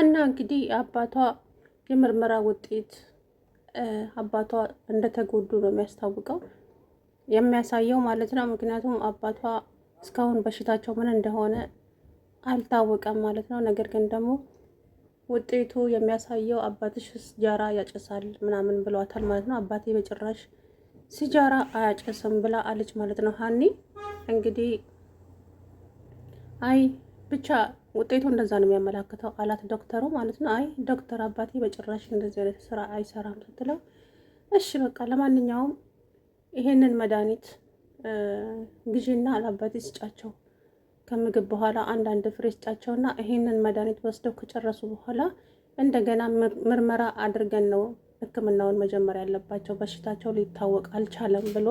ሀና እንግዲህ አባቷ የምርመራ ውጤት አባቷ እንደተጎዱ ነው የሚያስታውቀው የሚያሳየው ማለት ነው። ምክንያቱም አባቷ እስካሁን በሽታቸው ምን እንደሆነ አልታወቀም ማለት ነው። ነገር ግን ደግሞ ውጤቱ የሚያሳየው አባትሽ ሲጃራ ያጨሳል ምናምን ብሏታል ማለት ነው። አባቴ በጭራሽ ሲጃራ አያጨስም ብላ አለች ማለት ነው። ሀኒ እንግዲህ አይ ብቻ ውጤቱ እንደዛ ነው የሚያመላክተው አላት ዶክተሩ ማለት ነው። አይ ዶክተር አባቴ በጭራሽ እንደዚህ አይነት ስራ አይሰራም ስትለው፣ እሺ በቃ ለማንኛውም ይሄንን መድኃኒት ግዢና ለአባቴ ስጫቸው ከምግብ በኋላ አንዳንድ ፍሬ ስጫቸውና ይሄንን መድኃኒት ወስደው ከጨረሱ በኋላ እንደገና ምርመራ አድርገን ነው ሕክምናውን መጀመር ያለባቸው። በሽታቸው ሊታወቅ አልቻለም ብሎ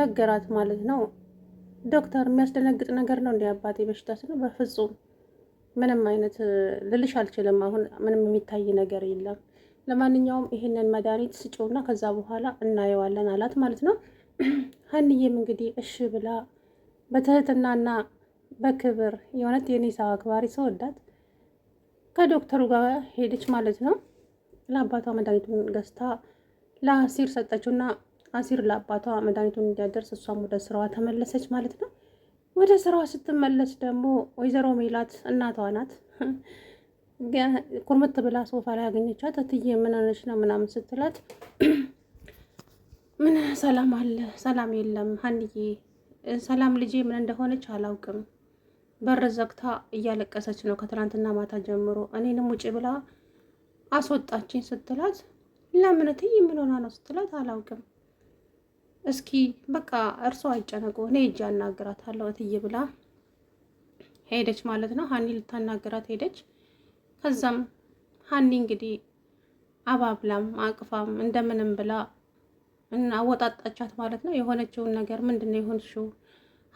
ነገራት ማለት ነው። ዶክተር የሚያስደነግጥ ነገር ነው እንዴ? አባቴ በሽታ ስለ በፍጹም ምንም አይነት ልልሽ አልችልም። አሁን ምንም የሚታይ ነገር የለም። ለማንኛውም ይህንን መድኃኒት ስጭውና ከዛ በኋላ እናየዋለን አላት ማለት ነው። ሀንዬም እንግዲህ እሺ ብላ በትህትናና በክብር የእውነት ሰው አክባሪ ሰው ወዳት ከዶክተሩ ጋር ሄደች ማለት ነው። ለአባቷ መድኃኒቱን ገዝታ ለአሲር ሰጠችውና አሲር ለአባቷ መድኃኒቱን እንዲያደርስ እሷም ወደ ስራዋ ተመለሰች ማለት ነው። ወደ ስራዋ ስትመለስ ደግሞ ወይዘሮ ሜላት እናቷ ናት። ኩርምት ብላ ሶፋ ላይ ያገኘቻት እትዬ ምን ሆነሽ ነው ምናምን ስትላት ምን ሰላም አለ ሰላም የለም ሀንዬ ሰላም ልጄ ምን እንደሆነች አላውቅም። በር ዘግታ እያለቀሰች ነው ከትናንትና ማታ ጀምሮ እኔንም ውጭ ብላ አስወጣችኝ ስትላት ለምን እትዬ ምን ሆና ነው ስትላት አላውቅም እስኪ በቃ እርሶ አይጨነቁ፣ እኔ ሂጅ አናግራታለሁ እትዬ ብላ ሄደች ማለት ነው። ሀኒ ልታናግራት ሄደች። ከዛም ሀኒ እንግዲህ አባብላም አቅፋም እንደምንም ብላ አወጣጣቻት ማለት ነው። የሆነችውን ነገር ምንድን ነው የሆንሽው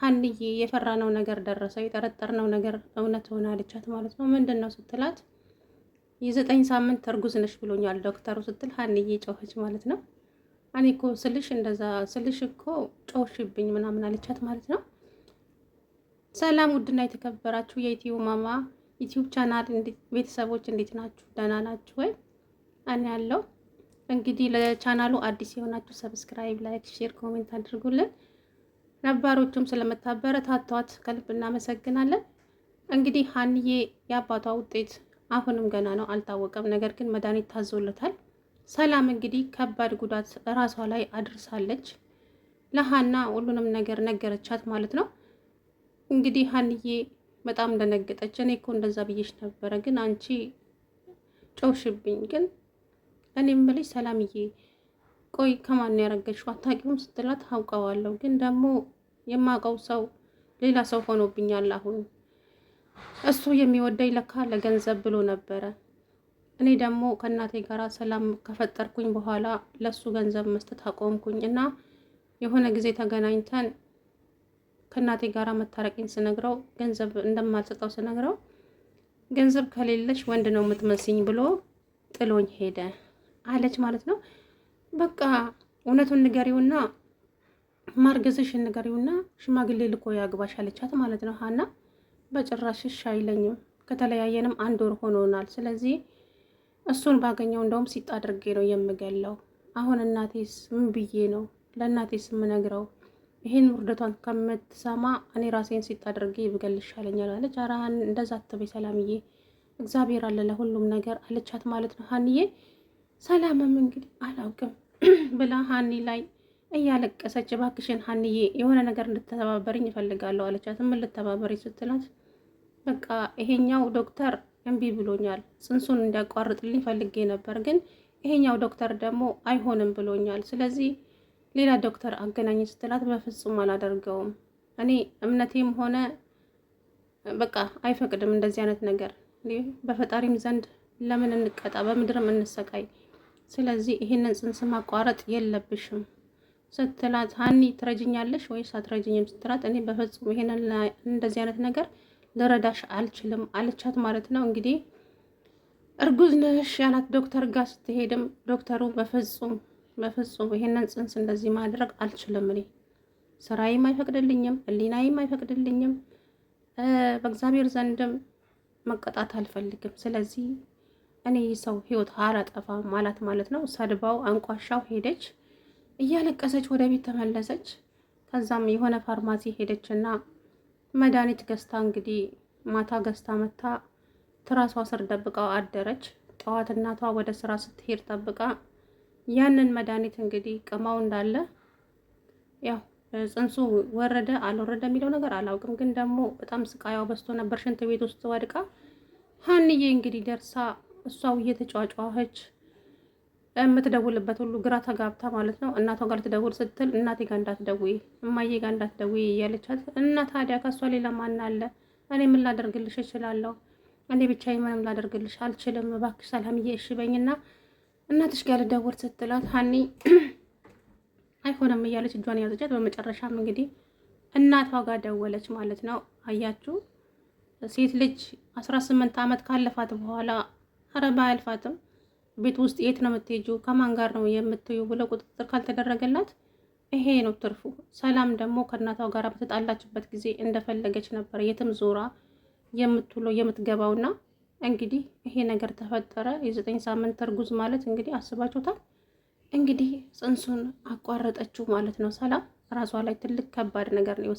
ሀኒዬ? የፈራነው ነገር ደረሰ የጠረጠርነው ነገር እውነት ሆነ አለቻት ማለት ነው። ምንድን ነው ስትላት የዘጠኝ ሳምንት እርጉዝ ነሽ ብሎኛል ዶክተሩ ስትል ሀኒዬ ጮኸች ማለት ነው። እኔ እኮ ስልሽ እንደዛ ስልሽ እኮ ጮሽብኝ ምናምን አለቻት ማለት ነው። ሰላም ውድና የተከበራችሁ የኢትዮ ማማ ዩቲዩብ ቻናል ቤተሰቦች እንዴት ናችሁ? ደህና ናችሁ ወይ? እኔ ያለው እንግዲህ ለቻናሉ አዲስ የሆናችሁ ሰብስክራይብ፣ ላይክ፣ ሼር፣ ኮሜንት አድርጉልን። ነባሮቹም ስለምታበረታቷት ከልብ እናመሰግናለን። እንግዲህ ሀንዬ የአባቷ ውጤት አሁንም ገና ነው አልታወቀም። ነገር ግን መድኃኒት ታዞለታል። ሰላም እንግዲህ ከባድ ጉዳት ራሷ ላይ አድርሳለች። ለሀና ሁሉንም ነገር ነገረቻት ማለት ነው። እንግዲህ ሀንዬ በጣም ደነገጠች። እኔ እኮ እንደዛ ብዬሽ ነበረ፣ ግን አንቺ ጨውሽብኝ። ግን እኔ የምልሽ ሰላምዬ፣ ቆይ ከማን ያረገሽው አታውቂውም? ስትላት አውቀዋለሁ፣ ግን ደግሞ የማውቀው ሰው ሌላ ሰው ሆኖብኛል። አሁን እሱ የሚወደኝ ለካ ለገንዘብ ብሎ ነበረ እኔ ደግሞ ከእናቴ ጋር ሰላም ከፈጠርኩኝ በኋላ ለሱ ገንዘብ መስጠት አቆምኩኝ እና የሆነ ጊዜ ተገናኝተን ከእናቴ ጋር መታረቂን ስነግረው ገንዘብ እንደማልሰጠው ስነግረው ገንዘብ ከሌለሽ ወንድ ነው የምትመስኝ ብሎ ጥሎኝ ሄደ አለች ማለት ነው። በቃ እውነቱን ንገሪውና ማርገዝሽ ንገሪውና ሽማግሌ ልኮ ያግባሽ አለቻት ማለት ነው። ሀና በጭራሽ አይለኝም ከተለያየንም አንድ ወር ሆኖናል። ስለዚህ እሱን ባገኘው እንደውም ሲጥ አድርጌ ነው የምገለው። አሁን እናቴስ ምን ብዬ ነው ለእናቴስ የምነግረው? ይህን ውርደቷን ከምትሰማ እኔ ራሴን ሲጥ አድርጌ ብገል ይሻለኛል አለች። ኧረ እንደዛ አትበይ ሰላምዬ፣ እግዚአብሔር አለ ለሁሉም ነገር አለቻት ማለት ነው ሀንዬ። ሰላምም እንግዲህ አላውቅም ብላ ሀኒ ላይ እያለቀሰች እባክሽን ሀንዬ የሆነ ነገር እንድትተባበርኝ እፈልጋለሁ አለቻት። ምን ልተባበሪ ስትላት በቃ ይሄኛው ዶክተር እምቢ ብሎኛል። ጽንሱን እንዲያቋርጥልኝ ፈልጌ ነበር፣ ግን ይሄኛው ዶክተር ደግሞ አይሆንም ብሎኛል። ስለዚህ ሌላ ዶክተር አገናኝ ስትላት በፍጹም አላደርገውም፣ እኔ እምነቴም ሆነ በቃ አይፈቅድም እንደዚህ አይነት ነገር። በፈጣሪም ዘንድ ለምን እንቀጣ፣ በምድርም እንሰቃይ። ስለዚህ ይህንን ጽንስ ማቋረጥ የለብሽም ስትላት ሀኒ ትረጅኛለሽ ወይስ አትረጅኝም ስትላት እኔ በፍጹም ይሄንን እንደዚህ አይነት ነገር ልረዳሽ አልችልም አለቻት ማለት ነው። እንግዲህ እርጉዝ ነሽ ያላት ዶክተር ጋር ስትሄድም ዶክተሩ በፍጹም በፍጹም ይሄንን ጽንስ እንደዚህ ማድረግ አልችልም፣ እኔ ስራዬም አይፈቅድልኝም፣ ህሊናዬም አይፈቅድልኝም፣ በእግዚአብሔር ዘንድም መቀጣት አልፈልግም። ስለዚህ እኔ ሰው ህይወት አላጠፋም ማላት ማለት ነው። ሰድባው አንቋሻው ሄደች። እያለቀሰች ወደ ቤት ተመለሰች። ከዛም የሆነ ፋርማሲ ሄደችና መድኃኒት ገዝታ እንግዲህ ማታ ገዝታ መታ ትራሷ ስር ደብቃ አደረች። ጠዋት እናቷ ወደ ስራ ስትሄድ ጠብቃ ያንን መድኃኒት እንግዲህ ቅማው እንዳለ ያው ጽንሱ ወረደ አልወረደ የሚለው ነገር አላውቅም፣ ግን ደግሞ በጣም ስቃዩ በዝቶ ነበር። ሽንት ቤት ውስጥ ወድቃ ሀንዬ እንግዲህ ደርሳ እሷው እየተጫጫኸች የምትደውልበት ሁሉ ግራ ተጋብታ ማለት ነው። እናቷ ጋር ልትደውል ስትል እናቴ ጋር እንዳትደውይ፣ እማዬ ጋር እንዳትደውይ እያለቻት እና ታዲያ ከእሷ ሌላ ማን አለ? እኔ ምን ላደርግልሽ እችላለሁ? እኔ ብቻዬ ምንም ላደርግልሽ አልችልም። እባክሽ ሰላምዬ እሺ በይና እናትሽ ጋር ልደውል ስትላት ሀኒ አይሆንም እያለች እጇን ያዘቻት። በመጨረሻም እንግዲህ እናቷ ጋር ደወለች ማለት ነው። አያችሁ ሴት ልጅ አስራ ስምንት ዓመት ካለፋት በኋላ ኧረ ባያልፋትም ቤት ውስጥ የት ነው የምትሄጁ ከማን ጋር ነው የምትዩ ብለው ቁጥጥር ካልተደረገላት ይሄ ነው ትርፉ። ሰላም ደግሞ ከእናቷ ጋር በተጣላችበት ጊዜ እንደፈለገች ነበር የትም ዞራ የምትውለው የምትገባውና እንግዲህ ይሄ ነገር ተፈጠረ። የዘጠኝ ሳምንት እርጉዝ ማለት እንግዲህ አስባችሁታል። እንግዲህ ጽንሱን አቋረጠችው ማለት ነው። ሰላም ራሷ ላይ ትልቅ ከባድ ነገር ነው